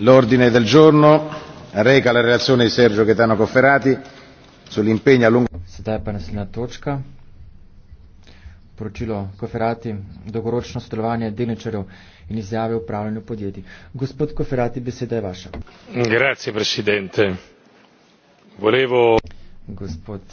l'ordine del giorno reca la relazione di Sergio Gaetano Cofferati sull'impegno a lungo Sedaj pa naslednja točka. Poročilo Koferati, dolgoročno sodelovanje delničarjev in izjave o upravljanju podjetij. Gospod Koferati, beseda je vaša. Grazie, predsednik. Volevo... Gospod